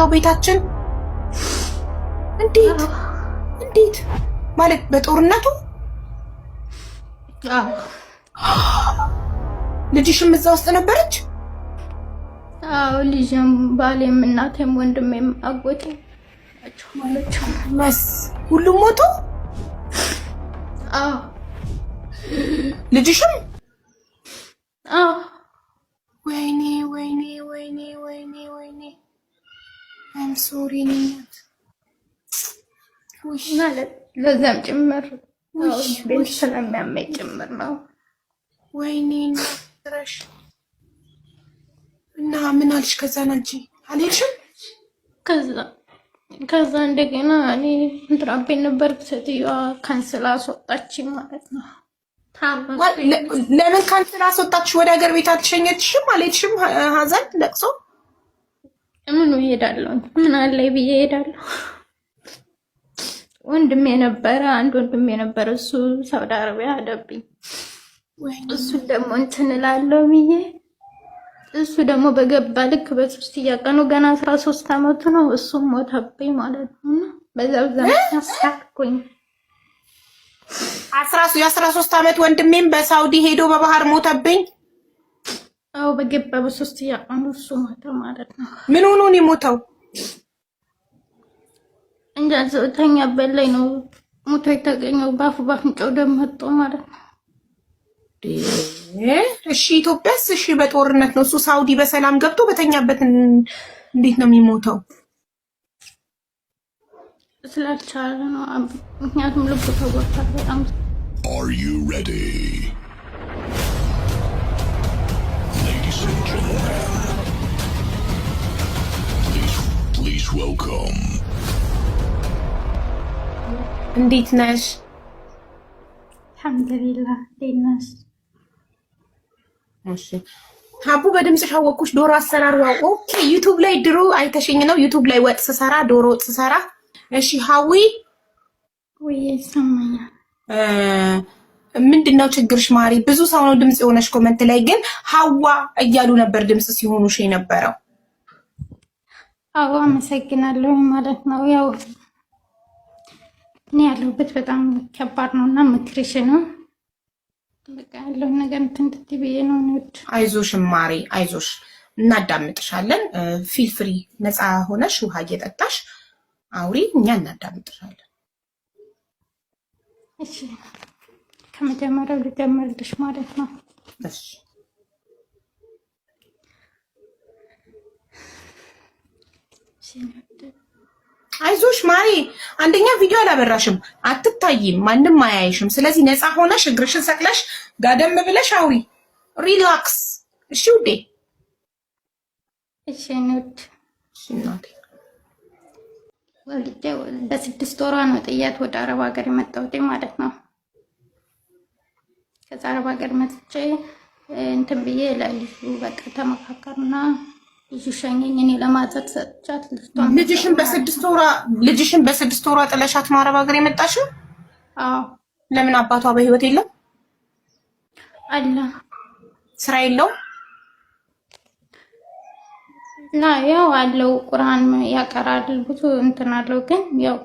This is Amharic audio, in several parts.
የመጣው ቤታችን። እንዴት እንዴት ማለት በጦርነቱ ልጅሽም እዛ ውስጥ ነበረች? አዎ ልጅም፣ ባሌም፣ እናቴም፣ ወንድሜም አጎቴ መስ ሁሉም ሞቶ ልጅሽም? አዎ ወይኔ ወይኔ ወይኔ ሶሪ ለዛም ጭምር ቤት ስለሚያመኝ ጭምር ነው። ወይኔ ረሽ እና ምን አልሽ? ከዛ ናልጂ አልሄድሽም? ከዛ ከዛ እንደገና እኔ እንትን ነበር። ሴትዮዋ ካንስላ አስወጣች ማለት ነው። ለምን ካንስላ አስወጣች? ወደ ሀገር ቤት አልተሸኘችሽም? አልሄድሽም? ሀዘን ለቅሶ ምኑ እሄዳለሁ ምን አለ ብዬ እሄዳለሁ። ወንድሜ ነበረ አንድ ወንድሜ ነበረ፣ እሱ ሳውዲ አረቢያ አደብኝ። እሱን ደግሞ እንትን እላለሁ ብዬ እሱ ደግሞ በገባ ልክ በሶስት እያቀኑ ገና አስራ ሶስት አመቱ ነው። እሱም ሞተብኝ ማለት ነው እና በዛው ዘመን አሳክኩኝ። የአስራ ሶስት አመት ወንድሜም በሳውዲ ሄዶ በባህር ሞተብኝ። አዎ በገባ በሶስት ያቀኑ እሱ ሞተ ማለት ነው። ምን ሆኖ ነው የሞተው? እንጃ ተኛበት ላይ ነው ሞቶ የተገኘው። ባፉ ባፍንጫው ደም መጦ ማለት ነው። እሺ ኢትዮጵያስ? እሺ በጦርነት ነው እሱ። ሳውዲ በሰላም ገብቶ በተኛበት እንዴት ነው የሚሞተው? ስላልቻለ ነው። ምክንያቱም ልቡ ተጎድቷል በጣም እንዴት ነሽ? አልሐምዱሊላህ እንዴት ነሽ? እሺ ሀቡ በድምፅሽ አወቅኩሽ። ዶሮ አሰራር ዋቆ ዩቱብ ላይ ድሮ አይተሽኝ ነው። ዩቱብ ላይ ወጥ ስሰራ ዶሮ ወጥ ስሰራ። እሺ ሀዊ ወይ ምንድን ነው ችግርሽ ማሪ? ብዙ ሰው ነው ድምፅ የሆነች ኮመንት ላይ ግን ሀዋ እያሉ ነበር ድምፅ ሲሆኑ ሽ የነበረው። አዎ አመሰግናለሁ ማለት ነው። ያው እኔ ያለሁበት በጣም ከባድ ነው እና ምክርሽ ነው በቃ ያለውን ነገር ትንትት ብዬ ነው። አይዞሽ ማሪ አይዞሽ፣ እናዳምጥሻለን። ፊል ፍሪ ነፃ ሆነሽ ውሃ እየጠጣሽ አውሪ፣ እኛ እናዳምጥሻለን። እሺ ከመጀመሪያው ልጀምርልሽ ማለት ነው። አይዞሽ ማሪ፣ አንደኛ ቪዲዮ አላበራሽም፣ አትታይም፣ ማንም አያይሽም። ስለዚህ ነፃ ሆነሽ እግርሽን ሰቅለሽ ጋደም ብለሽ አውሪ፣ ሪላክስ። እሺ ውዴ። እሺ ኑድ ወልጄ በስድስት ወሯ ነው ጥያት ወደ አረብ ሀገር የመጣሁት ማለት ነው። ከአረብ ሀገር መጥቼ እንትን ብዬ ለልጁ በቃ ተመካከርና ልጁ ሸኘኝ። እኔ ለማጠት ሰጥቻት ልጅሽን በስድስት ወራ ልጅሽን በስድስት ወራ ጥለሻት ነው አረብ ሀገር የመጣሽው? አዎ። ለምን አባቷ በህይወት የለም? አለ። ስራ የለው ና ያው አለው ቁርአን ያቀራል ብዙ እንትን አለው ግን ያው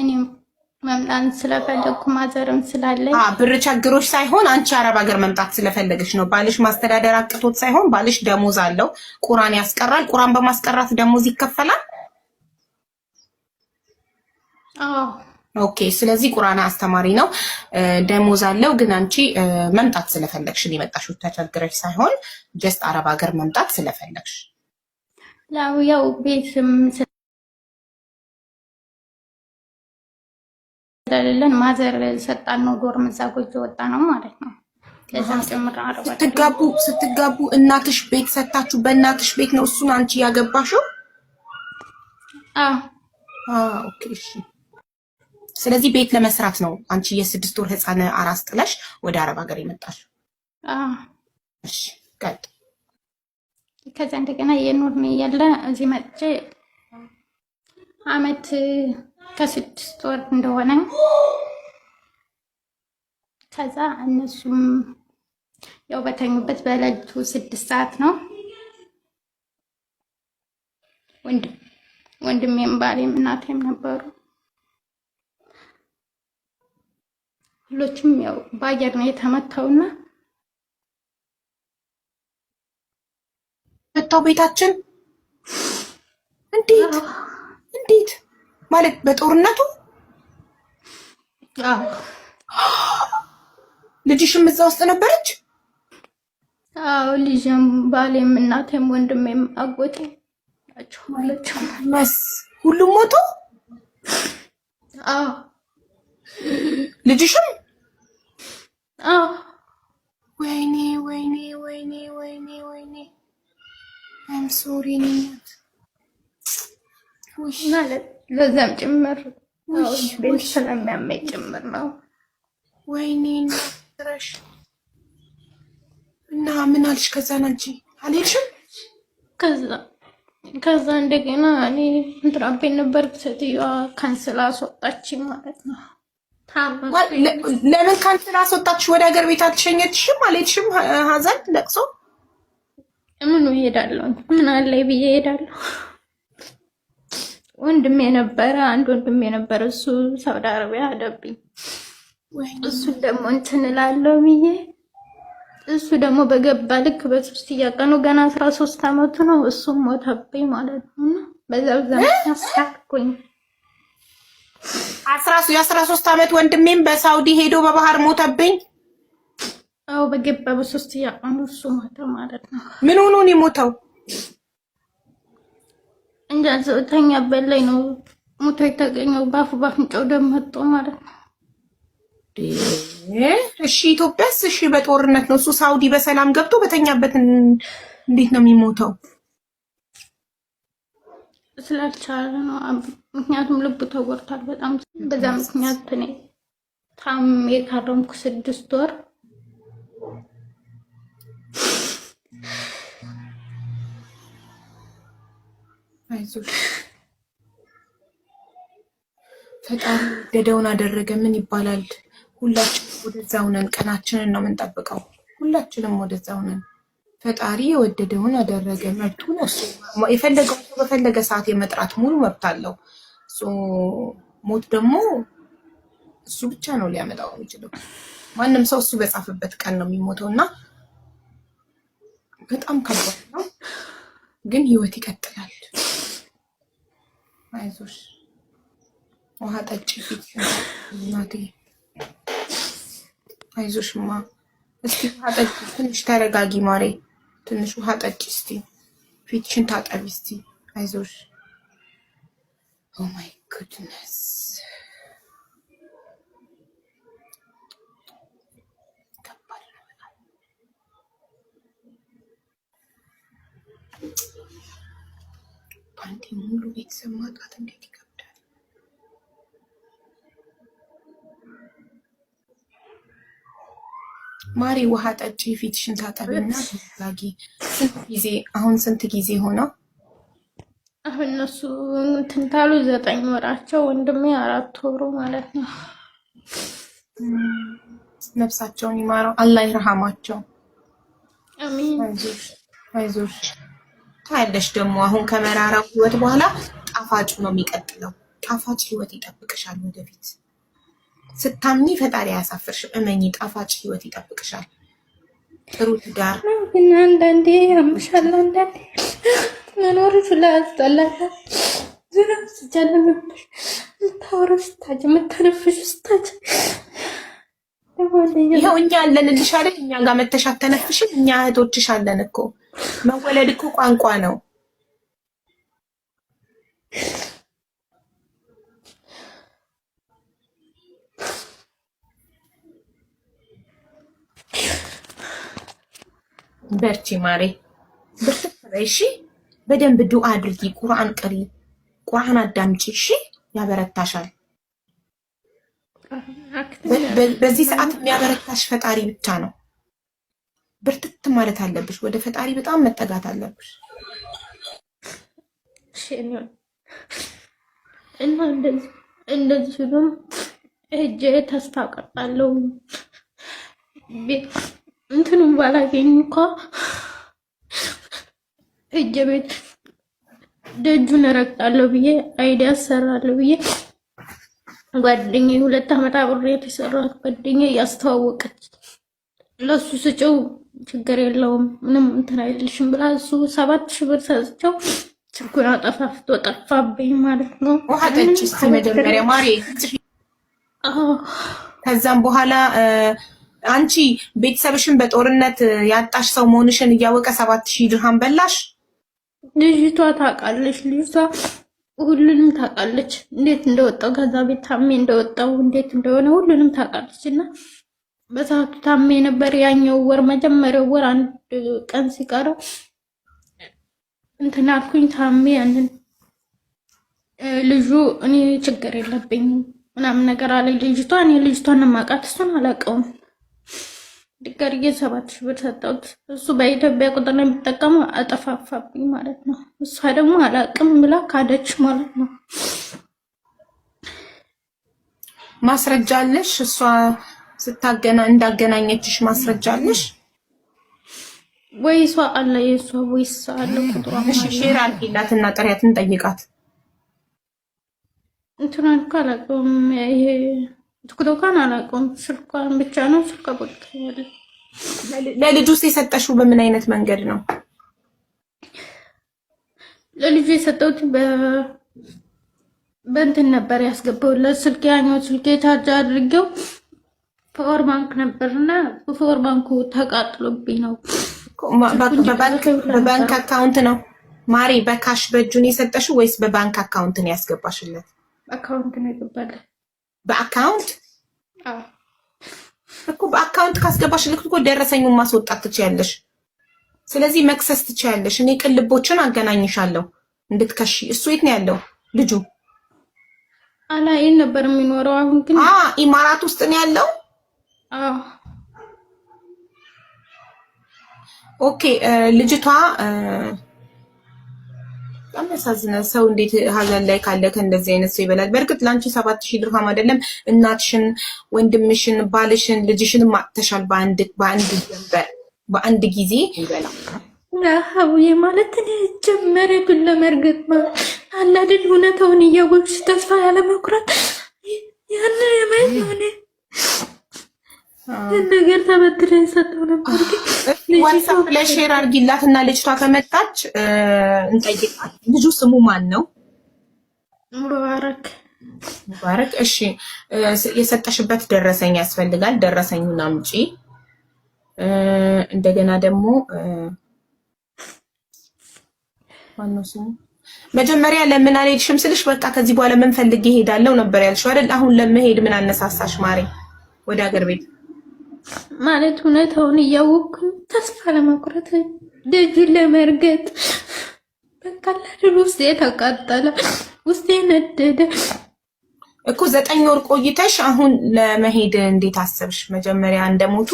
እኔም መምጣት ስለፈለግኩ ማዘርም ስላለኝ ብር ቸግሮች ሳይሆን አንቺ አረብ ሀገር መምጣት ስለፈለገች ነው። ባልሽ ማስተዳደር አቅቶት ሳይሆን ባልሽ ደሞዝ አለው፣ ቁራን ያስቀራል። ቁራን በማስቀራት ደሞዝ ይከፈላል። ኦኬ። ስለዚህ ቁራን አስተማሪ ነው፣ ደሞዝ አለው። ግን አንቺ መምጣት ስለፈለግሽ የመጣሽው ተቸግረሽ ሳይሆን ጀስት አረብ ሀገር መምጣት ስለፈለግሽ ያው ቤትም ስለሌለን ማዘር ሰጣን ነው ዶርም እዛ ጎጆ ወጣ ነው ማለት ነው። ስትጋቡ ስትጋቡ እናትሽ ቤት ሰታችሁ በእናትሽ ቤት ነው እሱን አንቺ ያገባሽው? ኦኬ እሺ። ስለዚህ ቤት ለመስራት ነው አንቺ የስድስት ወር ህፃን አራስ ጥለሽ ወደ አረብ ሀገር የመጣሽ? እሺ። ከዛ እንደገና የኖርን እያለ እዚህ መጥቼ አመት ከስድስት ወር እንደሆነ ከዛ እነሱም ያው በተኙበት በሌሊቱ ስድስት ሰዓት ነው ወንድም ወንድሜም ባሌም እናቴም ነበሩ። ሁሎችም ያው በአየር ነው የተመታውና መታው ቤታችን እንዴት እንዴት ማለት በጦርነቱ ልጅሽም እዛ ውስጥ ነበረች? አዎ፣ ልጅም፣ ባሌም፣ እናቴም፣ ወንድሜም አጎቴ ናቸው ሁላቸው። ሁሉም ሞቶ? አዎ። ልጅሽም? አዎ። ወይኔ ወይኔ ወይኔ ወይኔ ወይኔ አም ሶሪ ማለት ለዛም ጭምር ቤት ስለሚያመኝ ጭምር ነው። ወይኔ ረሽ እና ምን አልሽ? ከዛን አንቺ አልሄድሽም? ከዛ ከዛ እንደገና እኔ እንትራቤን ነበር ሴትዮዋ ካንስል አስወጣች ማለት ነው። ለምን ካንስል አስወጣች? ወደ ሀገር ቤት አልሸኘችሽም? አልሄድሽም? ሀዘን ለቅሶ ምኑ እሄዳለሁ ምን አለ ብዬ እሄዳለሁ ወንድም የነበረ አንድ ወንድም የነበረ እሱ ሳውዲ አረቢያ አደብኝ። እሱን ደግሞ እንትን እላለሁ ብዬ እሱ ደግሞ በገባ ልክ በሶስት እያቀኑ ገና አስራ ሶስት አመቱ ነው። እሱም ሞተብኝ ማለት ነው። በዛ ብዛ ያስታክኩኝ የአስራ ሶስት አመት ወንድሜም በሳውዲ ሄዶ በባህር ሞተብኝ። አዎ በገባ በሶስት እያቀኑ እሱ ሞተ ማለት ነው። ምን ሆኖ ነው የሞተው? ተኛበት ላይ ነው ሞቶ የተገኘው። ባፉ ባፍንጫው ደም መጥቶ ማለት ነው። እሺ ኢትዮጵያስ? እሺ በጦርነት ነው እሱ። ሳውዲ በሰላም ገብቶ በተኛበት እንዴት ነው የሚሞተው? ስላልቻለ ነው። ምክንያቱም ልቡ ተጎድቷል በጣም በዛ ምክንያት እኔ ታም የካረምኩ ስድስት ወር አይዞሽ ፈጣሪ ደደውን አደረገ ምን ይባላል? ሁላችንም ወደዛ ሁነን ቀናችንን ነው የምንጠብቀው። ሁላችንም ወደዛ ሁነን ፈጣሪ የወደደውን አደረገ መብቱ ነው። የፈለገው በፈለገ ሰዓት የመጥራት ሙሉ መብት አለው። ሞት ደግሞ እሱ ብቻ ነው ሊያመጣው የሚችለው። ማንም ሰው እሱ በጻፈበት ቀን ነው የሚሞተው እና በጣም ከባድ ነው፣ ግን ህይወት ይቀጥላል። አይዞሽ፣ ውሃ ጠጪ እናቴ። አይዞሽማ፣ እስኪ ውሃ ጠጪ፣ ትንሽ ተረጋጊ ማሬ። ትንሽ ውሃ ጠጪ እስቲ፣ ፊትሽን ታጠቢ እስቲ። አይዞሽ። ኦ ማይ ጉድነስ በአንዴ ሙሉ ቤተሰብ ማጣት እንዴት ይከብዳል። ማሪ ውሃ ጠጪ፣ ፊትሽን ታጠብና ላጊ። ጊዜ አሁን ስንት ጊዜ ሆነው? አሁን እነሱ እንትን ካሉ ዘጠኝ ወራቸው፣ ወንድሜ አራት ወሩ ማለት ነው። ነፍሳቸውን ይማረው፣ አላህ ይርሃማቸው። አሚን። አይዞሽ ታያለሽ። ደግሞ አሁን ከመራራው ህይወት በኋላ ጣፋጭ ነው የሚቀጥለው። ጣፋጭ ህይወት ይጠብቅሻል። ወደፊት ስታምኒ ፈጣሪ አያሳፍርሽም። እመኚ፣ ጣፋጭ ህይወት ይጠብቅሻል። ጥሩ ትዳር ግን አንዳንዴ ያምሻል። አንዳንዴ መኖር ሁላ ያስጠላታል። ዙሪያ ስጃለ ምታወረ ስታጅ ምታነፍሽ ስታጅ ይኸው እኛ አለንልሽ አይደል? እኛ ጋር መተሽ አተነፍሽም። እኛ እህቶችሽ አለን እኮ። መወለድ እኮ ቋንቋ ነው። በርቺ ማሬ፣ ብርትት እሺ። በደንብ ዱአ አድርጊ፣ ቁርአን ቅሪ፣ ቁርአን አዳምጪ። እሺ፣ ያበረታሻል። በዚህ ሰዓት የሚያበረታሽ ፈጣሪ ብቻ ነው። ብርትት ማለት አለብሽ። ወደ ፈጣሪ በጣም መጠጋት አለብሽ። እና እንደዚህ ሲሉም እጄ ተስፋ ቀጣለው እንትኑም ባላገኝ እኳ እጄ ቤት ደጁን እረግጣለሁ ብዬ አይዲያ ሰራለሁ ብዬ ጓደኛ ሁለት ዓመት አብሬ የተሰራት ጓደኛ እያስተዋወቀች ለሱ ስጭው ችግር የለውም ምንም እንትን አይልሽም ብላ እሱ ሰባት ሺህ ብር ሰጥቼው ስልኩን አጠፋፍቶ ጠፋብኝ ማለት ነው። ውሃ ጠጪ እስኪ መጀመሪያ ማሬ። ከዛም በኋላ አንቺ ቤተሰብሽን በጦርነት ያጣሽ ሰው መሆንሽን እያወቀ ሰባት ሺህ ድርሃን በላሽ። ልጅቷ ታውቃለች ልጅቷ ሁሉንም ታውቃለች፣ እንዴት እንደወጣው ከዛ ቤት ታሜ እንደወጣው እንዴት እንደሆነ ሁሉንም ታውቃለች። እና በሰዓቱ ታሜ ነበር ያኛው ወር መጀመሪያው ወር አንድ ቀን ሲቀረው እንትን አልኩኝ ታሜ ያንን ልጁ እኔ ችግር የለብኝም ምናምን ነገር አለ ልጅቷ። እኔ ልጅቷን ማውቃት እሱን አላውቀውም። ድጋርዬ ሰባት ሺህ ብር ሰጠሁት። እሱ በኢትዮጵያ ቁጥር ነው የሚጠቀመው፣ አጠፋፋብኝ ማለት ነው። እሷ ደግሞ አላቅም ብላ ካደች ማለት ነው። ማስረጃ አለሽ? እሷ ስታገና እንዳገናኘችሽ ማስረጃ አለሽ ወይ? እሷ አለ የእሷ ወይስ አለ ቁጥሯ? ሼር አድርጊላት እና ጥሪያትን ጠይቃት። እንትናን እኮ አላቅም ይሄ ትኩዶካን አላውቀውም። ስልኳን ብቻ ነው ስልኳ ቆልጠኛለ። ለልጁ ውስጥ የሰጠሽው በምን አይነት መንገድ ነው? ለልጁ የሰጠሁት በእንትን ነበር ያስገባው ለስልክ ያኛው ስልክ ቻርጅ አድርጌው ፓወር ባንክ ነበርና ፓወር ባንኩ ተቃጥሎብኝ ነው። በባንክ አካውንት ነው ማሪ። በካሽ በእጁን የሰጠሽው ወይስ በባንክ አካውንት ነው ያስገባሽለት? አካውንት ነው የገባለት በአካውንት እኮ በአካውንት ካስገባሽ ልክ እኮ ደረሰኙን ማስወጣት ትችያለሽ። ስለዚህ መክሰስ ትችያለሽ። እኔ ቅልቦችን አገናኝሻለሁ እንድትከሺ። እሱ የት ነው ያለው ልጁ? አላየን ነበር የሚኖረው። አሁን ግን ኢማራት ውስጥ ነው ያለው። ኦኬ ልጅቷ በጣም ያሳዝናል። ሰው እንዴት ሀዘን ላይ ካለ ከእንደዚህ አይነት ሰው ይበላል? በእርግጥ ለአንቺ ሰባት ሺህ ድርሃም አይደለም እናትሽን፣ ወንድምሽን፣ ባልሽን፣ ልጅሽን ማጥተሻል። በአንድ በአንድ ጀንበር በአንድ ጊዜ ይበላል። ሀቡዬ ማለት እኔ ጀመረ ግን ለመርገጥ ማለት አላድል እውነታውን እያወቅሽ ተስፋ ያለመኩራት ያን የማየት ሆነ ነገር ተበድረ የሰጠው ነበር ግን ዋትሳፕ ላይ ሼር አድርጊላት እና ልጅቷ ከመጣች እንጠይቃት። ልጁ ስሙ ማን ነው? ሙባረክ ሙባረክ። እሺ፣ የሰጠሽበት ደረሰኝ ያስፈልጋል። ደረሰኙን አምጪ። እንደገና ደግሞ ዋናው ስሙ መጀመሪያ ለምን አልሄድሽም ስልሽ በቃ ከዚህ በኋላ ምን ፈልጌ እሄዳለሁ ነበር ያልሽው አይደል? አሁን ለመሄድ ምን አነሳሳሽ ማሬ ወደ ሀገር ቤት? ማለት እውነታውን እያወቅኩኝ ተስፋ ለመቁረጥ ደጁን ለመርገጥ በቃላድል ውስጤ ተቃጠለ፣ ውስጤ ነደደ እኮ። ዘጠኝ ወር ቆይተሽ አሁን ለመሄድ እንዴት አሰብሽ? መጀመሪያ እንደሞቱ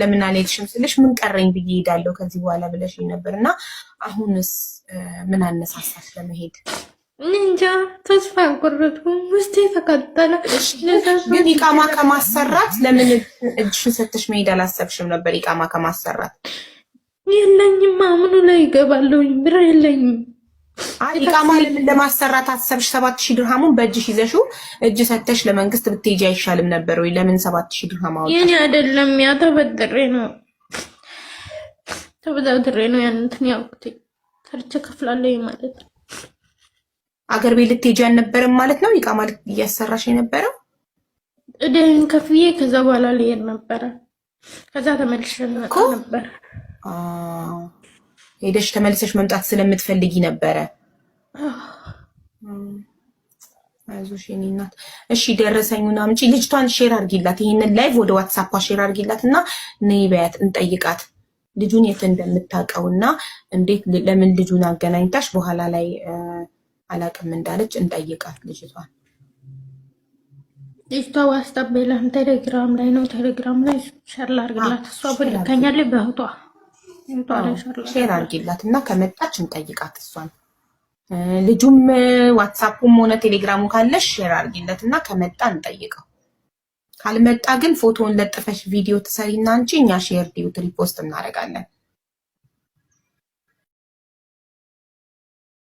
ለምን አልሄድሽም ስልሽ ምን ቀረኝ ብዬ እሄዳለሁ ከዚህ በኋላ ብለሽ ነበር እና አሁንስ ምን አነሳሳሽ ለመሄድ? እንጃ ተስፋ ያቆረጡ ውስጤ ተቃጠለ። ግን ኢቃማ ከማሰራት ለምን እጅሽን ሰተሽ መሄድ አላሰብሽም ነበር? ኢቃማ ከማሰራት የለኝም፣ አምኑ ላይ ይገባለሁኝ፣ ብር የለኝም። ኢቃማ ለምን ለማሰራት አሰብሽ? ሰባት ሺህ ድርሃሙን በእጅሽ ይዘሽው እጅ ሰተሽ ለመንግስት ብትሄጂ አይሻልም ነበር ወይ? ለምን ሰባት ሺህ ድርሃም የኔ አይደለም፣ ያ ተበድሬ ነው ተበዳድሬ ነው ያንትን ያውቁት ሰርቼ ከፍላለሁ ማለት ነው አገር ቤት ልትሄጂ አልነበረም ማለት ነው? ይቃማ እያሰራሽ የነበረው እደን ከፍዬ ከዛ በኋላ ልሄድ ነበረ። ከዛ ተመልሼ ልመጣ ነበር። ሄደሽ ተመልሰሽ መምጣት ስለምትፈልጊ ነበረ። አይዞሽ የኔ እናት። እሺ ደረሰኙን አምጪ። ልጅቷን ሼር አድርጊላት፣ ይሄንን ላይቭ ወደ ዋትሳፓ ሼር አድርጊላት እና ነይ በያት እንጠይቃት ልጁን የት እንደምታውቀው እና እንዴት ለምን ልጁን አገናኝታሽ በኋላ ላይ አላቅም እንዳለች እንጠይቃት ልጅቷን። ልጅቷ ዋስታፕ የለም ቴሌግራም ላይ ነው። ቴሌግራም ላይ ሸር ላርግላት፣ እሷ ብልከኛለች በህቷ ሼር አርጊላት እና ከመጣች እንጠይቃት እሷን። ልጁም ዋትሳፑም ሆነ ቴሌግራሙ ካለሽ ሼር አርጊለት እና ከመጣ እንጠይቀው። ካልመጣ ግን ፎቶውን ለጥፈሽ ቪዲዮ ትሰሪና አንቺ እኛ ሼር ዲዩት ሪፖስት እናደርጋለን።